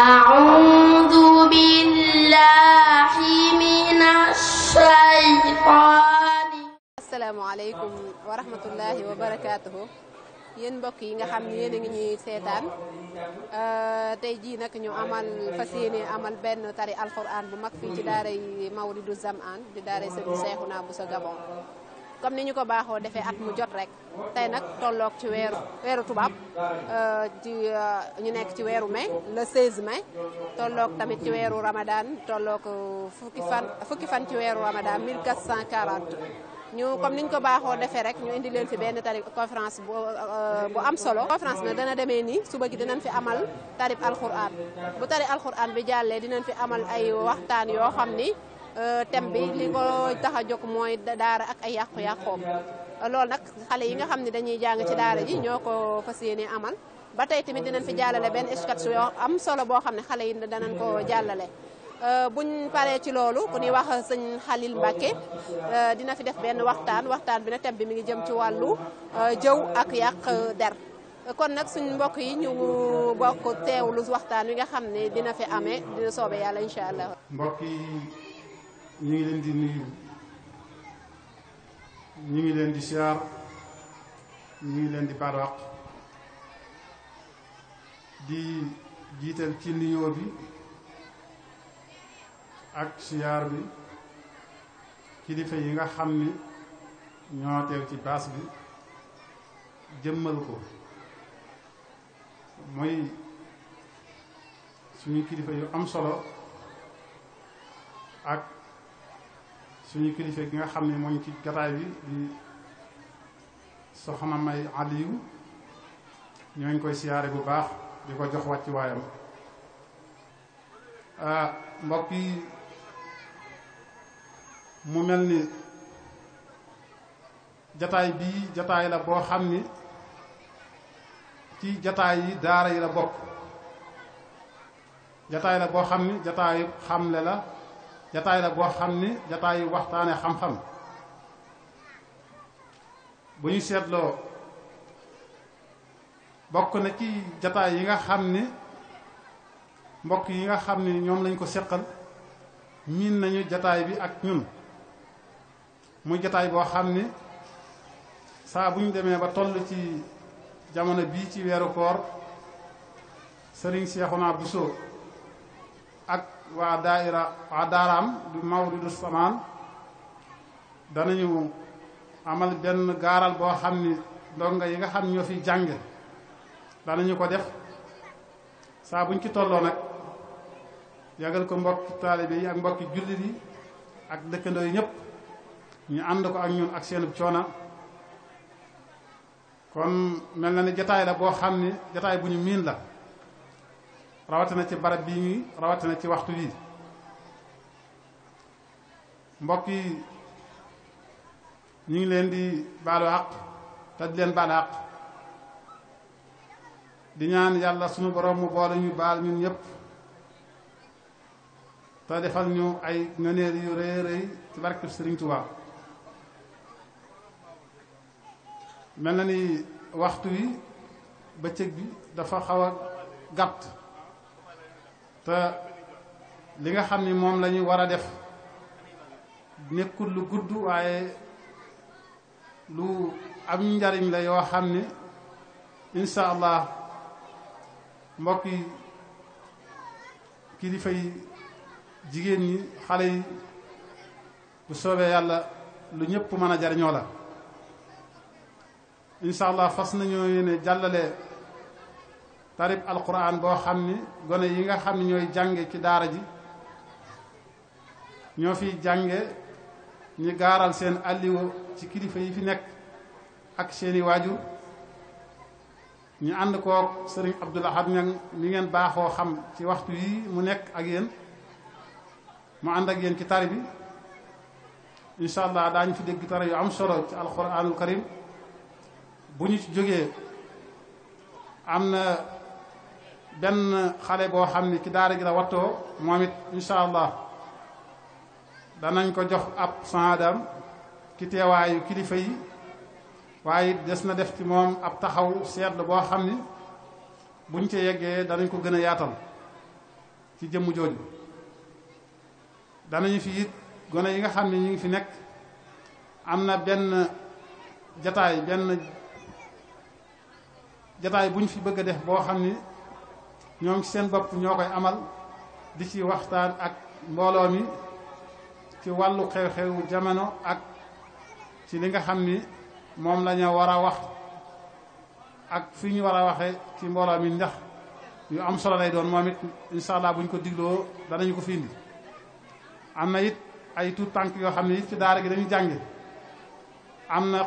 أعوذ بالله من الشيطان asalaamaaleykum wa rahmatullahi wa barakaatuhu yéen mbokk yi nga xam ne yéen a ngi ñuy seetaan euh, tey jii nag ñu amal fas yéene amal benn tari alquran bu mag fii ci daaray Mawridu Zamaan di daaray Sëriñ Seexuna bu sa Gabon comme ni ñu ko baaxoo defee at mu jot rek tey nag tollook ci weeru weeru tubaab ci euh, euh, ñu nekk ci weeru mai le 16 mai tolloog tamit ci weeru ramadaan tollook euh, fukki fan fukki fan ci weeru ramadan 1440 ñu comme ni ñu ko baaxoo defee rek ñu indi leen fi benn tarif conférence bu bu am solo. conférence nag dana demee nii suba gi dinañ fi amal tarif alxuraan bu tarif alxuraan bi jàllee dinañ fi amal ay waxtaan yoo xam ni. Euh, thème bi li ko tax a jóg mooy daara ak ay yàqu-yàqoom loolu nag xale yi nga xam ne dañuy jàng ci daara ji ñoo ko fas yéene amal ba tey tamit dinañ fi jàllale benn sketch yoo am solo boo xam ne xale yi danañ ko jàllale euh, buñ paree ci loolu ku ñuy wax sëñ Xalil Mbàkke euh, dina fi def benn waxtaan waxtaan bi na thème bi mi ngi jëm ci wàllu jëw ak yàq der kon nag suñ mbokk yi ñu bokk teewlu waxtaan wi nga xam ne dina fi amee dina soobee yàlla incha allah. ñu ngi leen di nuyu ñu ngi leen di siyaar ñu ngi leen di barwaq di jiital ci nuyoo bi ak siyaar bi kilifa yi nga xam ni ñoo teew ci baas bi jëmmal ko mooy suñu kilifa yu am solo ak suñu kilifa gi nga xam ne mooñ ci jataay bi di soxna May Aliou ñoo ngi koy siyaare bu baax di ko jox wàcc waayam ah, mbokk yi mu mel ni jataay bii jataay la boo xam ni ci jataay yi daara yi la bokk jataay la boo xam ni jataay xamle la jataay la boo xam ni jataay waxtaane xam-xam bu ñu seetloo bokk na ci jataay yi nga xam ni mbokk yi nga xam ni ñoom lañ ko seqal miin nañu jataay bi ak ñun muy jataay boo xam ni saa bu ñu demee ba toll ci jamono bii ci weeru koor sëriñ Seexuna Buso waa daaira waa daaraam di mawridu samaan danañu amal benn gaaral boo xam ni ndongo yi nga xam ñoo fi jàng danañu ko def saa buñ ci tolloo nag yàggal ko mbokki taalibe yi ak mbokki jullit yi ak dëkkandoo yi ñëpp ñu ànd ko ak ñun ak seenub coona kon mel na ni jataay la boo xam ni jataay bu ñu miin la rawatina ci barab bi ñuy rawatina ci waxtu wi mbokk yi ñu ngi leen di baalu àq te di leen baal àq di ñaan yàlla suñu borom mu boole ñu baal ñun ñëpp te defal ñu ay ngëneel yu rëy rëy ci barkeb Sëriñ Tuubaa mel na ni waxtu wi bëccëg bi dafa xaw gàtt te li nga xam ni moom la war a def nekkul lu gudd waaye lu am njariñ la yoo xam ni incha mbokk yi kilifa yi jigéen ñi xale yi bu soobee yàlla lu ñëpp mën a jariñoo la incha allah fas nañoo yéene jàllale tarib alquran boo xam ni gone yi nga xam ne ñooy jànge ci daara ji ñoo fiy jànge ñi gaaral seen alliwo ci kilifa yi fi nekk ak seeni waajur ñu ànd koog sëriñ Abdul Ahad Ñang mi ngeen baaxoo xam ci waxtu yi mu nekk ak yéen mu ànd ak yéen ci tari bi incha allah ñu fi dégg tara yu am solo ci alquranul karim bu ñu jógee am na benn xale boo xam ne ci daar gi la wattoo moom it incha allah danañ ko jox ab saadam ci teewaayu kilifa yi waaye des na def ci moom ab taxaw seetlu boo xam ni buñ ci yeggee danañ ko gën a yaatal ci jëmm yi danañu fi it gone yi nga xam ne ñu ngi fi nekk am na benn jataay benn jataay buñ fi bëgg a def boo xam ni ñoom seen bopp ñoo koy amal di ci waxtaan ak mbooloo mi ci wàllu xew-xewu jamono ak ci li nga xam ni moom la war a wax ak fi ñu war a waxee ci mbooloo mi ndax yu am solo lay doon moom it incha buñ ko digloo danañu ko fi indi am na it ay tuut tànk yoo xam ne it ci daara gi dañu jànge am na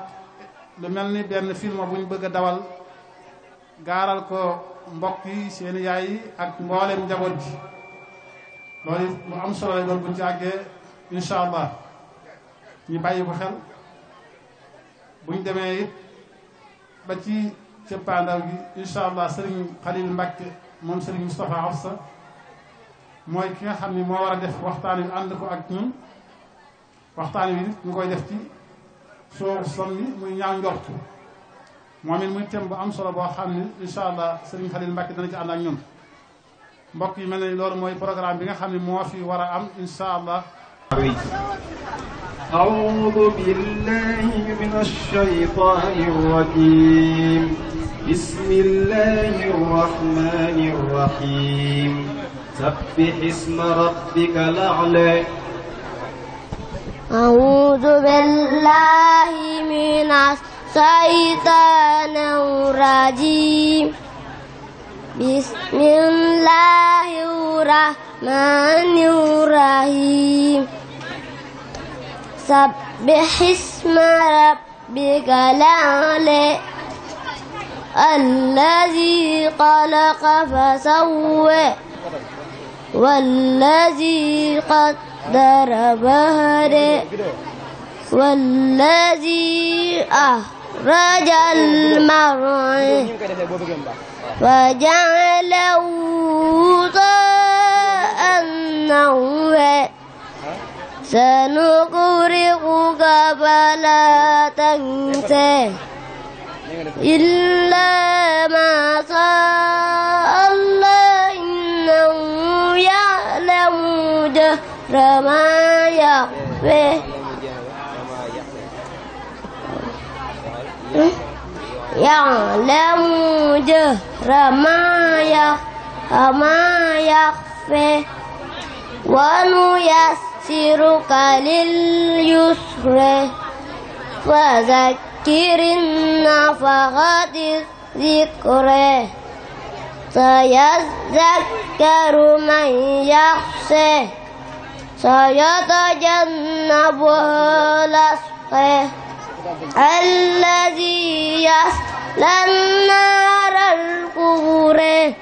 lu mel ni benn film bu ñu bëgg a dawal gaaral ko mbokk yi seen yaay yi ak mboolem njaboot ji loolu lu am solo la doon buñ ci àggee incha allah ñu bàyyi ko xel buñ demee it ba ci cëppaandaw gi incha allah Serigne Khalil Mbacke moom Serigne Moustapha Afsa mooy ki nga xam ni moo war a def waxtaan wi ànd ko ak ñun waxtaan wi it ñu koy def ci soo sonn muy ñaaw njortu moom it muy thème bu am solo boo xam ne incha allah Serigne Khalil Mbacke dana ci ànd ak ñun mbokk yi mel na loolu mooy programme bi nga xam ne moo fi war a am incha allah. أعوذ بالله من الشيطان الرجيم بسم الله الرحمن الرحيم سبح اسم ربك الأعلى أعوذ بالله من الشيطان الشيطان الرجيم بسم الله الرحمن الرحيم سبح اسم ربك الأعلى الذي خلق فسوى والذي قدر بهره والذي أهدى rajal mar'i وجعله غثاء نحوه سنقرئك فلا تنسى إلا ما شاء الله إنه يعلم جهر ما يخفي يعلم جهر ما يخفي ونيسرك لليسر فذكر النفقات الذكر سيذكر من يخشى سيتجنبها الأشقى الذي يصلى النار الكبرى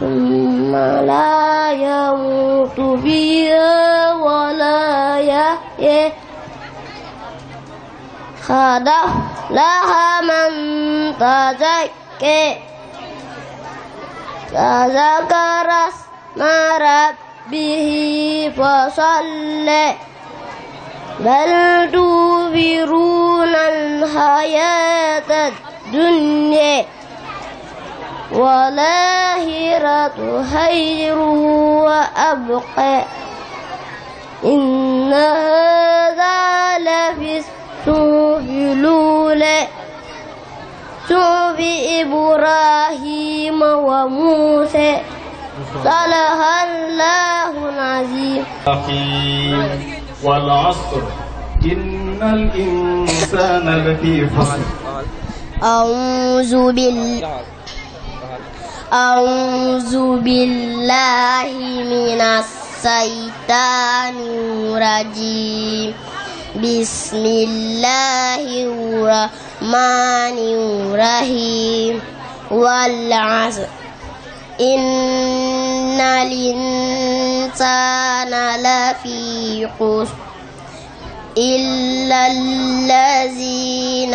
ثم لا يموت فيها ولا يحيى قد أفلح من تزكى فذكر اسم ربه فصلى بل تؤثرون الحياة الدنيا والآخرة خير وأبقى إن هذا لفي الصحف الأولى صحف إبراهيم وموسى صلح الله العظيم والعصر إن الإنسان لفي خسر أعوذ بال أعوذ بالله من الشيطان الرجيم بسم الله الرحمن الرحيم والعصر إن الإنسان لفي خسر إلا الذين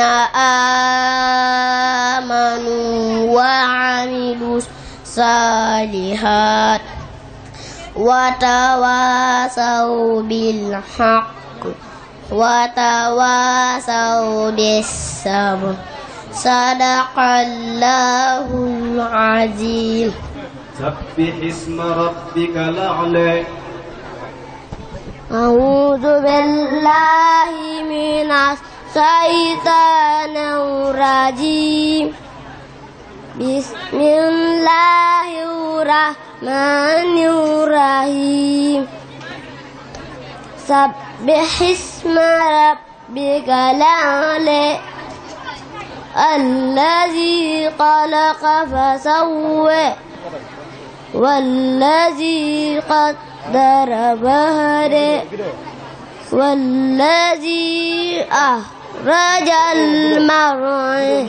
آمنوا وعملوا الصالحات وتواصوا بالحق وتواصوا بالصبر صدق الله العظيم سبح اسم ربك الأعلى أعوذ بالله من الشيطان الرجيم بسم الله الرحمن الرحيم سبح اسم ربك الأعلى الذي خلق فسوى والذي قدر بهره والذي أخرج المرعى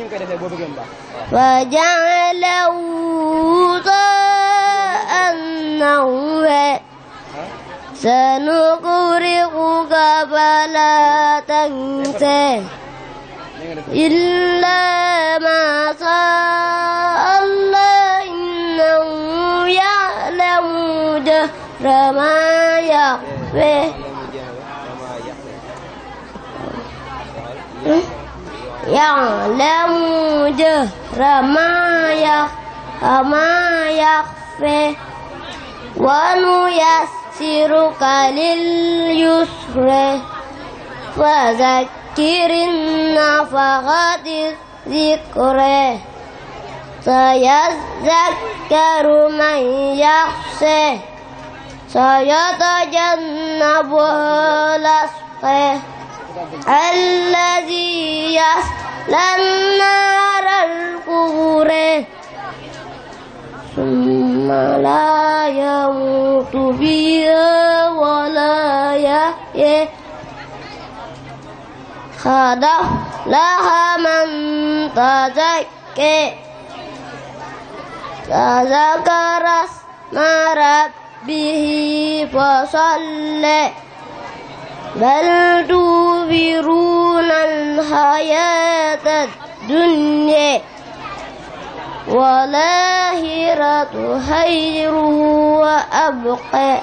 فجعله غثاء نحوه سنقرئك فلا تنسى إلا ما شاء الله إنه يعلم جهر ما يخفي يعلم جهر ما يخفي ما يخفي ونيسرك لليسر فذكر النفقة ذكره سيذكر من يخشى سيتجنبها الأشقى الذي يصلى النار الكبرى ثم لا يموت فيها ولا يحيى خذ لها من تزكي فذكر اسم ربه فصلى بل تؤثرون الحياة الدنيا والآخرة خير وأبقى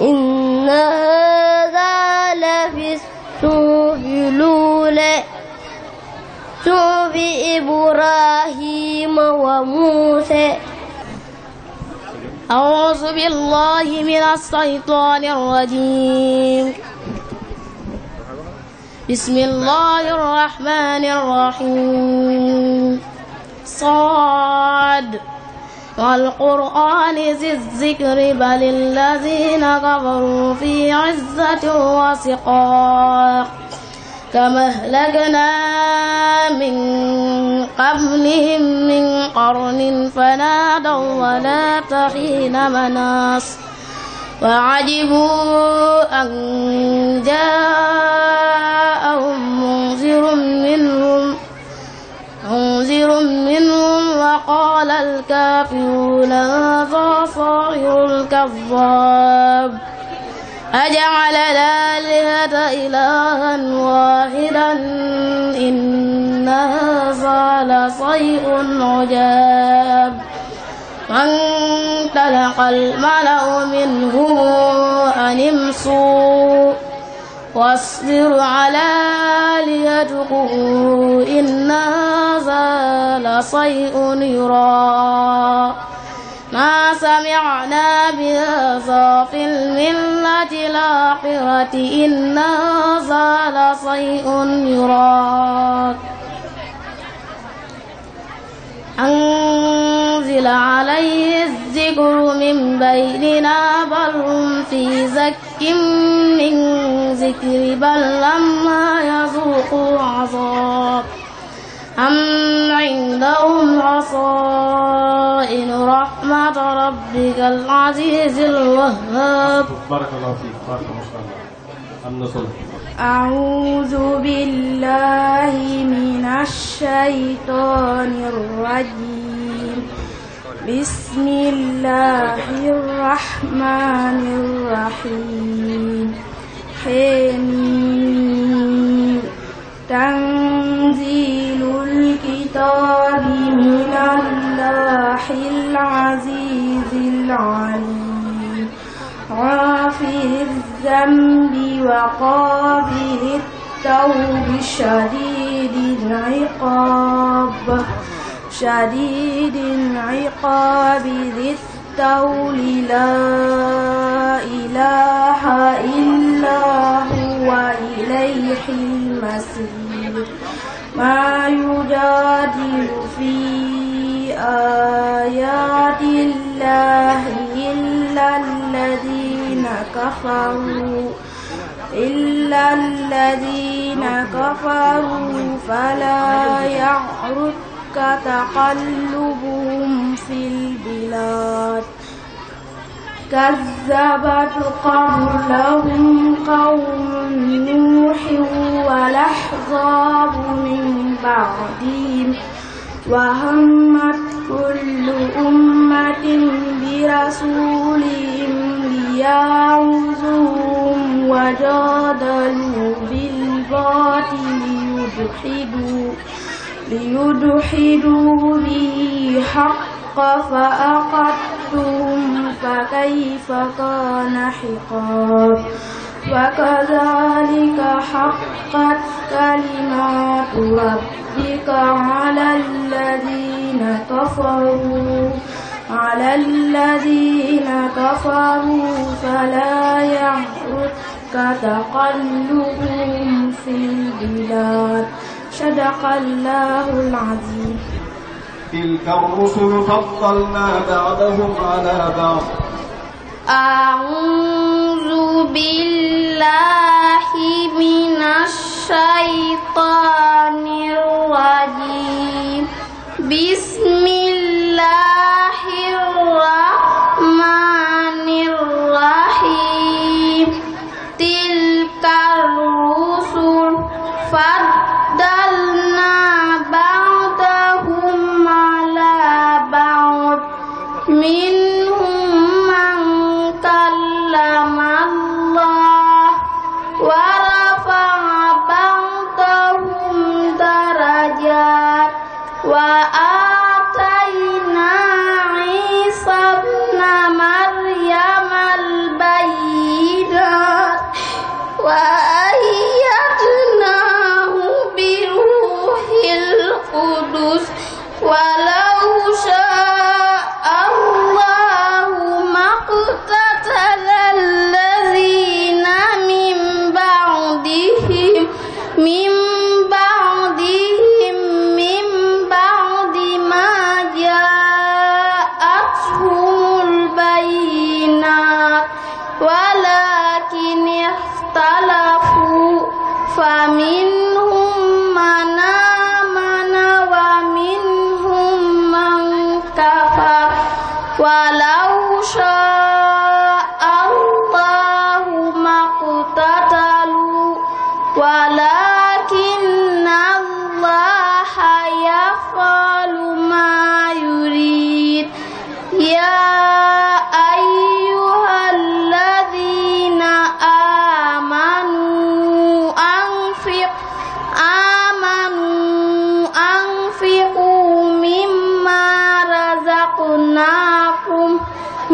إن هذا وموسى أعوذ بالله من الشيطان الرجيم بسم الله الرحمن الرحيم صاد والقرآن ذي الذكر بل الذين كفروا في عزة وسقاق كما أهلكنا من قبلهم من قرن فنادوا ولا حين مناص وعجبوا أن جاءهم منذر منهم منذر منهم وقال الكافرون هذا صاغر الكذاب أجعل الآلهة إلها واحدا إن هذا لشيء عجاب فانطلق الملأ منهم أن امشوا واصبر على آلهتكم إن هذا لشيء يرام ما سمعنا بهذا في الملة الآخرة إن هذا لشيء يراد أنزل عليه الذكر من بيننا بل هم في زك من ذكر بل لما يذوقوا عذاب أم عندهم خصائن رحمة ربك العزيز الوهاب بارك الله فيك بارك الله فيك أم نصر أعوذ بالله من الشيطان الرجيم بسم الله الرحمن الرحيم حميم تنزيل الكتاب من الله العزيز العليم غافر الذنب وقابل التوب شديد العقاب شديد العقاب ذي التول لا إله إلا هو وإليه المصير ما يجادل في آيات الله إلا الذين كفروا إلا الذين كفروا فلا يعرفك تقلبهم في البلاد كذبت قبلهم قوم نوح والأحزاب من بعدهم وهمت كل أمة برسولهم ليعوزوهم وجادلوا بالباطل ليدحدوا ليدحدوا به حق الحق فأخذتهم فكيف كان حقاب وكذلك حقت كلمات ربك على الذين كفروا على الذين كفروا فلا يغرك تقلبهم في البلاد صدق الله العظيم تلك الرسل فضلنا بعضهم على بعض أعوذ بالله من الشيطان الرجيم بسم الله الرحمن الرحيم تلك الرسل فضلنا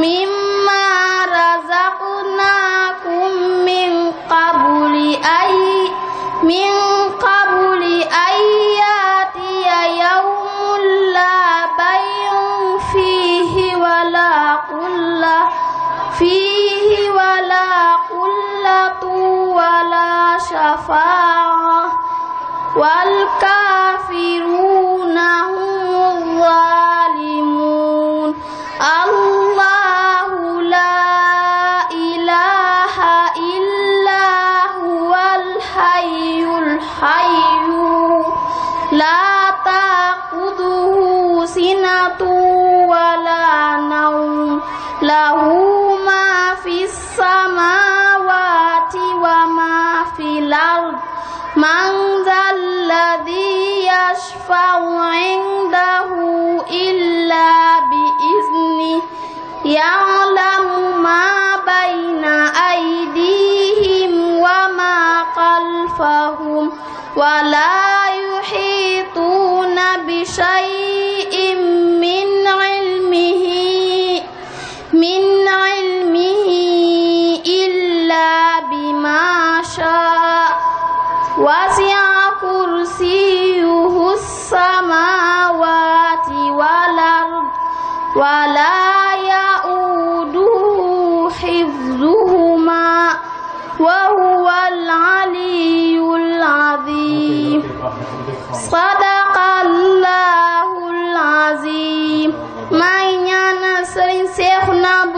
mi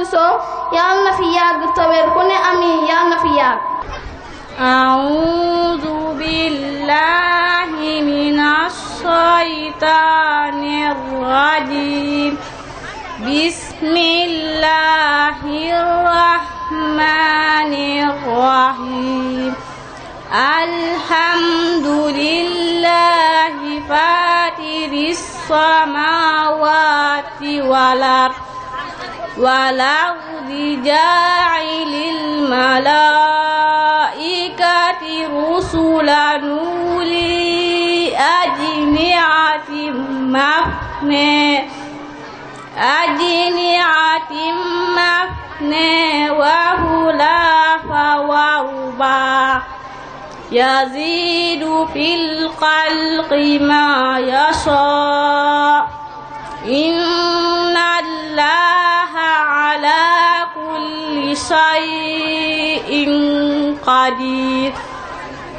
Bousso yal na fi yàgg tawér ku ne amiin yal na fi yàgg a'uudu billahi minash shaytaanir rajiim bismillahir rahmaanir rahiim alhamdulillahi faatiris samaawaati wal ard والأرض جاعل الملائكة رسلا أولي أجنحة مثنى أجنحة مثنى وثلاث وأرباع يزيد في الخلق ما يشاء إن الله على كل شيء قدير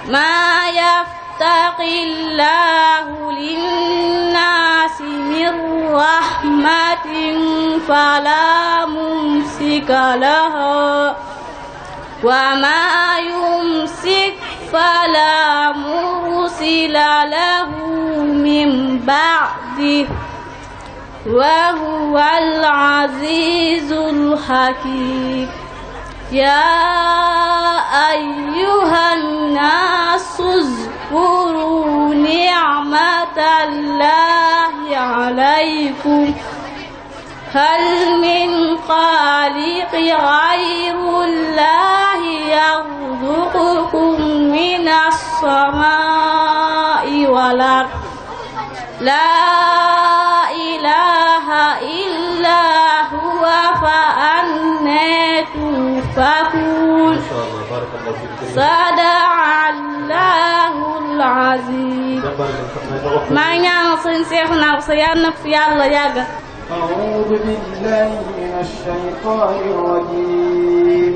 ما يفتق الله للناس من رحمة فلا ممسك لها وما يمسك فلا مرسل له من بعده وهو العزيز الحكيم يا أيها الناس اذكروا نعمة الله عليكم هل من خالق غير الله يرزقكم من السماء والأرض لا ilaha illa huwa fa anna tufakun sadaqallahul azim maa ngi ñaanal sëñ Seex naa sa yàlla na fi yàlla yàgga أعوذ بالله من الشيطان الرجيم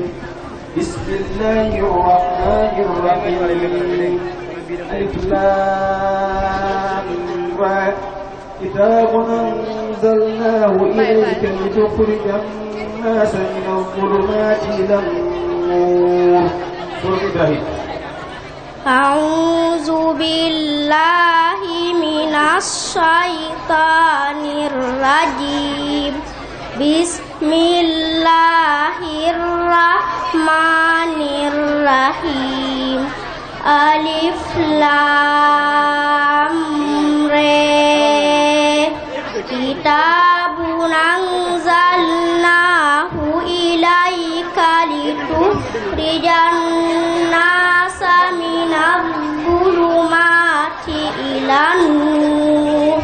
بسم الله الرحمن الرحيم الإسلام كتاب أنزلناه إليك لتخرج الناس من الظلمات إلى النور أعوذ بالله من الشيطان الرجيم بسم الله الرحمن الرحيم ألف لام ري كتاب أنزلناه إليك لتخرج الناس من الظلمات إلى النور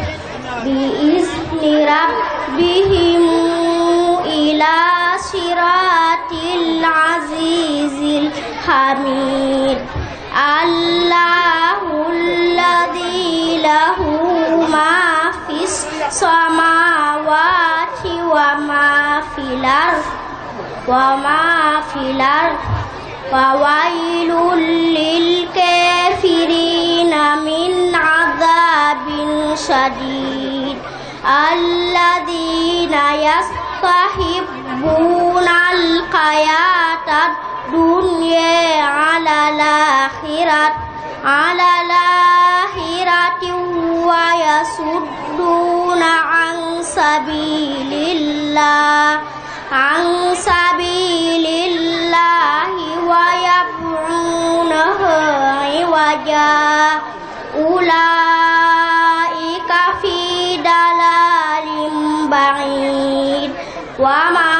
بإذن ربهم إلى صراط العزيز الحميد الله الذي له ما السماوات وما في الأرض وما في الأرض وويل للكافرين من عذاب شديد الذين يستحبون الحياة الدنيا على الآخرة على الآخرة ويصدون عن سبيل الله عن سبيل الله ويبعونها عوجا أولئك في دلال بعيد وما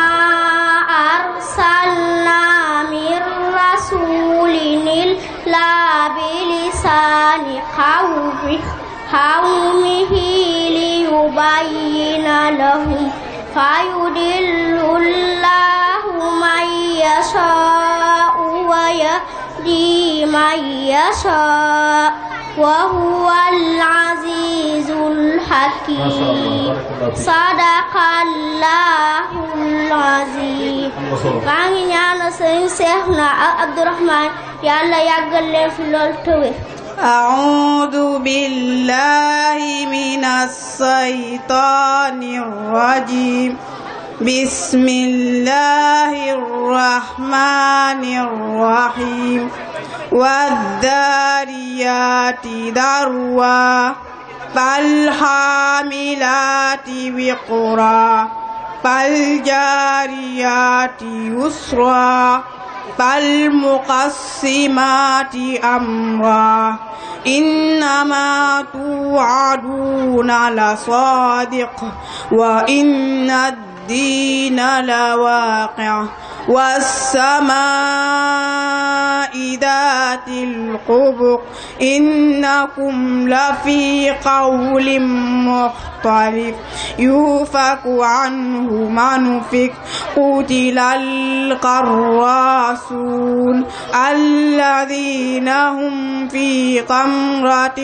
أرسلنا من رسول إلا إلا بلسان قومه قومه ليبين لهم فيدل الله من يشاء ويهدي من يشاء وهو العزيز الحكيم صدق الله العظيم maa ngi ñaanal sëñ Seex na Abdourahmane yàlla yàggal leen fi lool tawé أعوذ بالله من الشيطان الرجيم بسم الله الرحمن الرحيم والذاريات ذروا فالحاملات وقرا فالجاريات يسرا فالمقسمات أمرا إنما توعدون لصادق وإن الدين الدين الواقع والسماء ذات الحبق إنكم لفي قول مختلف يوفك عنه من فك قتل القراسون الذين هم في قمرة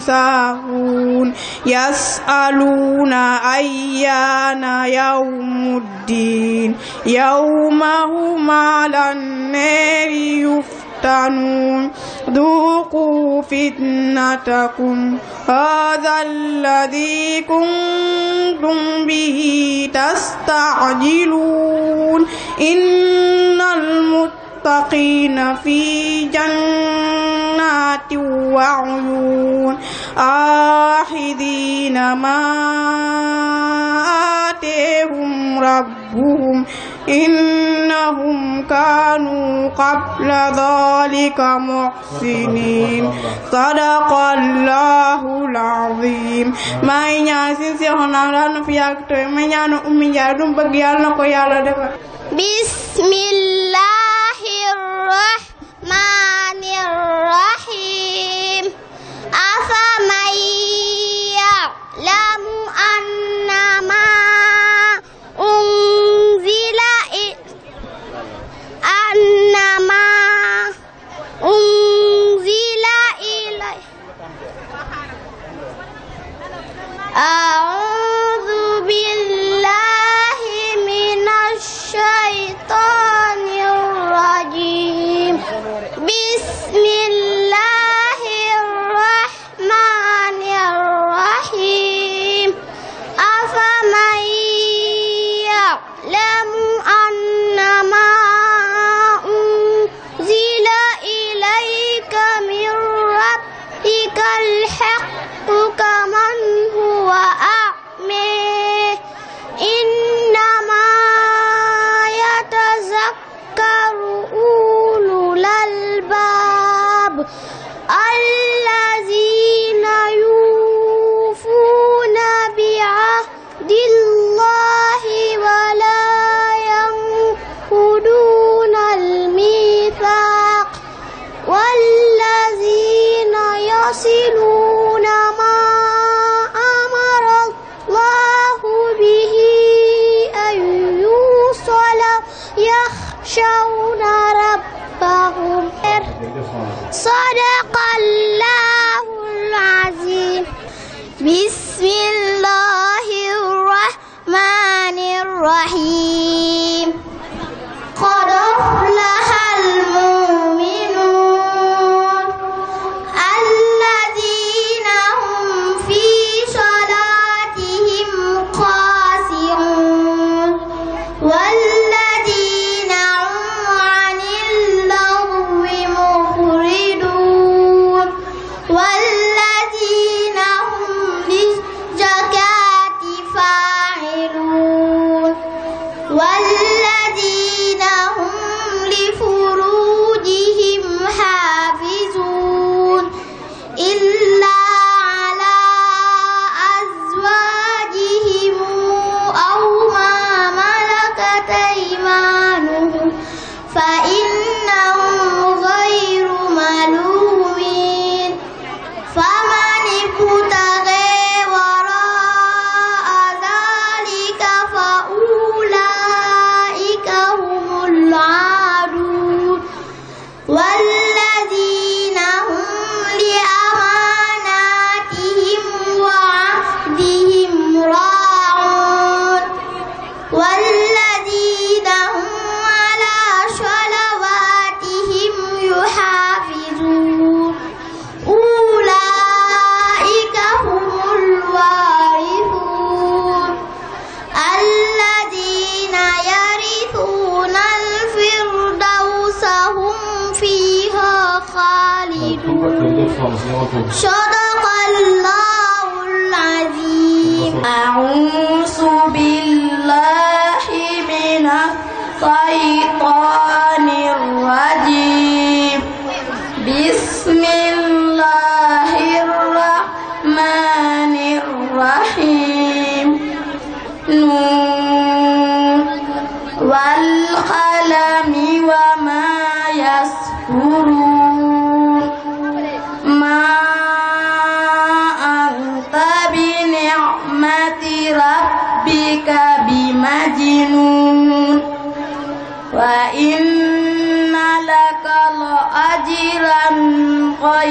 ساهون يسألون أيان يوم الدين يوم وهم على النار يفتنون ذوقوا فتنتكم هذا الذي كنتم به تستعجلون إن المتقين في جنات وعيون آخذين ما لهم ربهم إنهم كانوا قبل ذلك محسنين صدق الله العظيم maa ngi ñaan si seexoon naa daal na fi yàgg tey ma ñaanu ummi njaay du mu bëgg yàlla na ko yàlla defal bismillahi rahmani rahim يصلون ما أمر الله به أن يوصل يخشون ربهم صدق الله العظيم بسم الله الرحمن الرحيم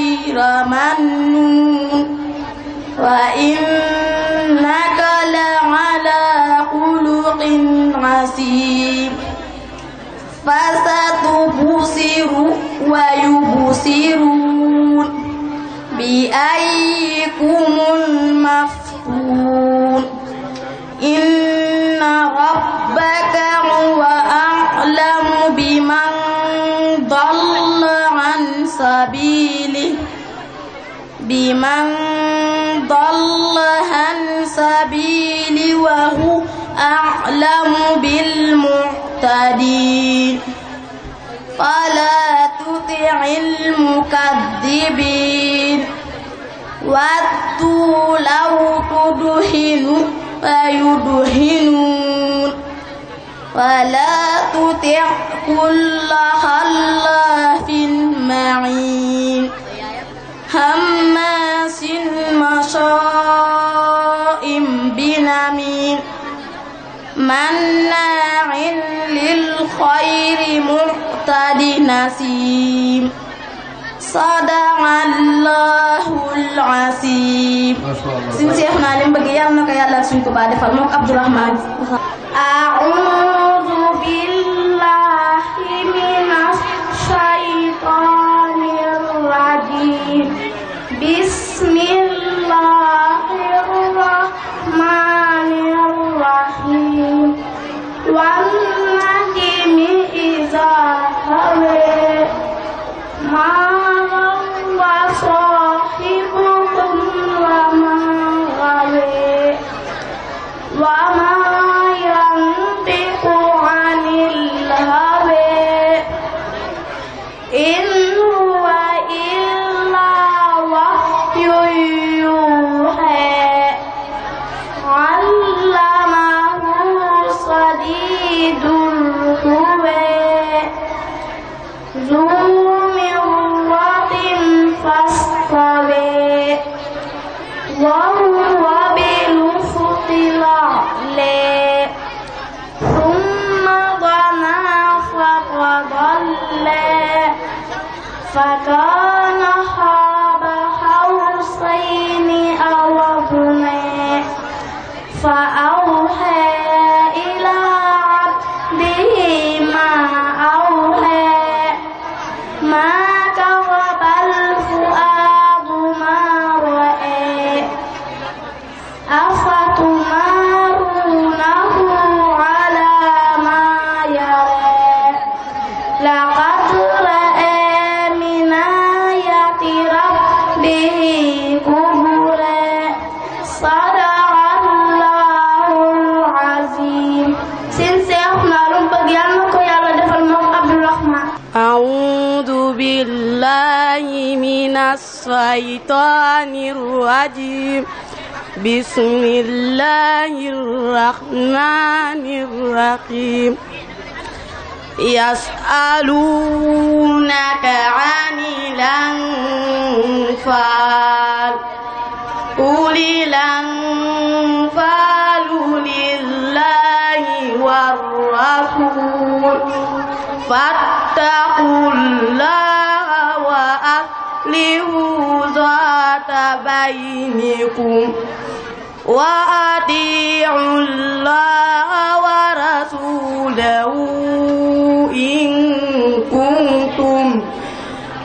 غير ممنون وإنك لعلى خلق عسيم فستبصر ويبصرون بأيكم سبيله بمن ضل عن سبيلي وهو أعلم بالمعتدين فلا تطع المكذبين ودوا لو تدهن فيدهنون ولا تطع كل خلاف أجمعين هماس مشاء بنميم مناع للخير مقتد نسيم صدق الله العظيم سن شيخنا لم بغي يالنا كو يالا سن كوبا ديفال موك عبد الرحمن اعوذ بالله بسم الله الرحمن الرحيم والنجم إذا هوى ما غوى الرحمن الرجيم بسم الله الرحمن الرحيم يسألون بينكم وأطيعوا الله ورسوله إن كنتم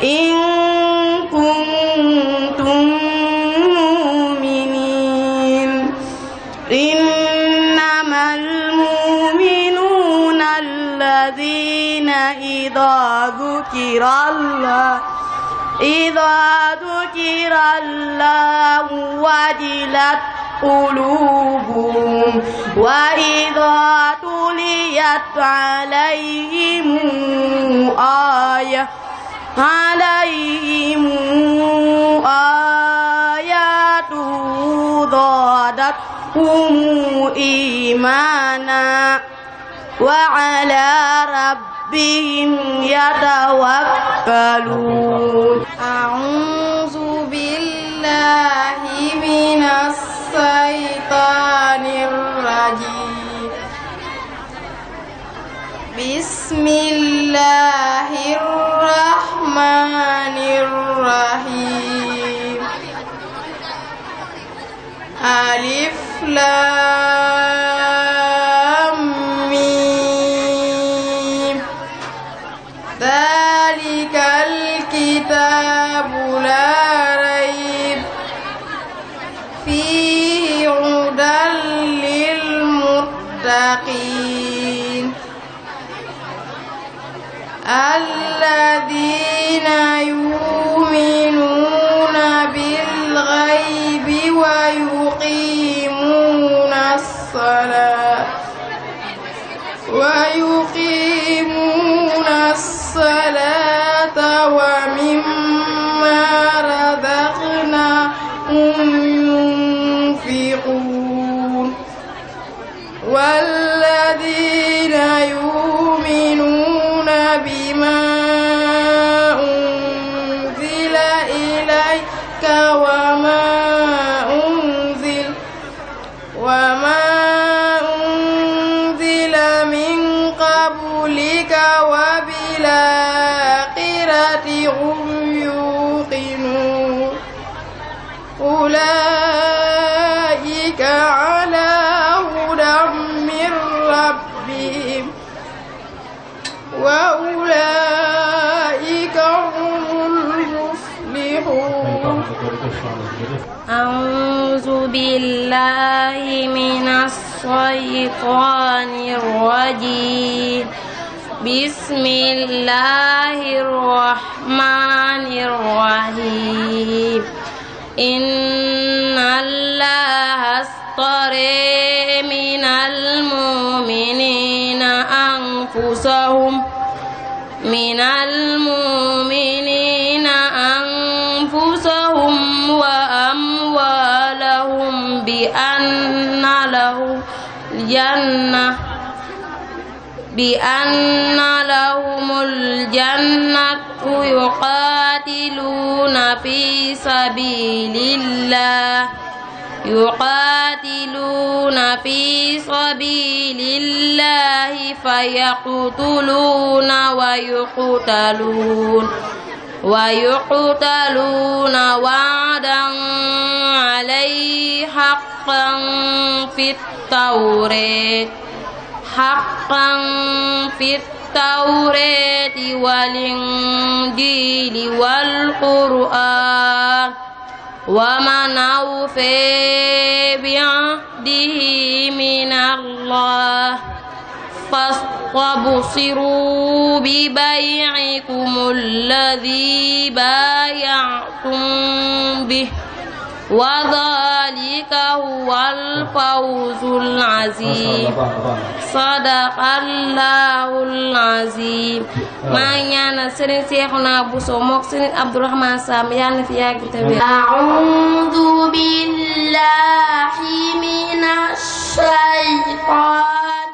إن كنتم مؤمنين إنما المؤمنون الذين إذا ذكر الله إذا ذكر الله وجلت قلوبهم وإذا تليت عليهم آية عليهم آياته زادتهم إيمانا وعلى ربهم يتوكلون أعوذ بالله من الشيطان الرجيم بسم الله الرحمن الرحيم ألف لام المتقين الذين يؤمنون بالغيب ويقيمون الصلاة ويقيمون الصلاة ومما بما الشيطان الرجيم بسم الله الرحمن الرحيم إن الله اصطري من المؤمنين أنفسهم من المؤمنين أنفسهم وأموالهم بأن لهم الجنة بأن لهم الجنة يقاتلون في سبيل الله يقاتلون في سبيل الله فيقتلون ويقتلون ويقتلون وعدا عليه حقا في التوريد حقا في التوراة والإنجيل والقرآن ومن أوفي بعهده من الله وبصروا ببيعكم الذي بايعتم به وذلك هو الفوز العظيم صدق الله العظيم maa ngi ñaanal Serigne Cheikhouna Bousso mook Serigne Abdourahmane Sam yàlla na fi yàgg te wér. أعوذ بالله من الشيطان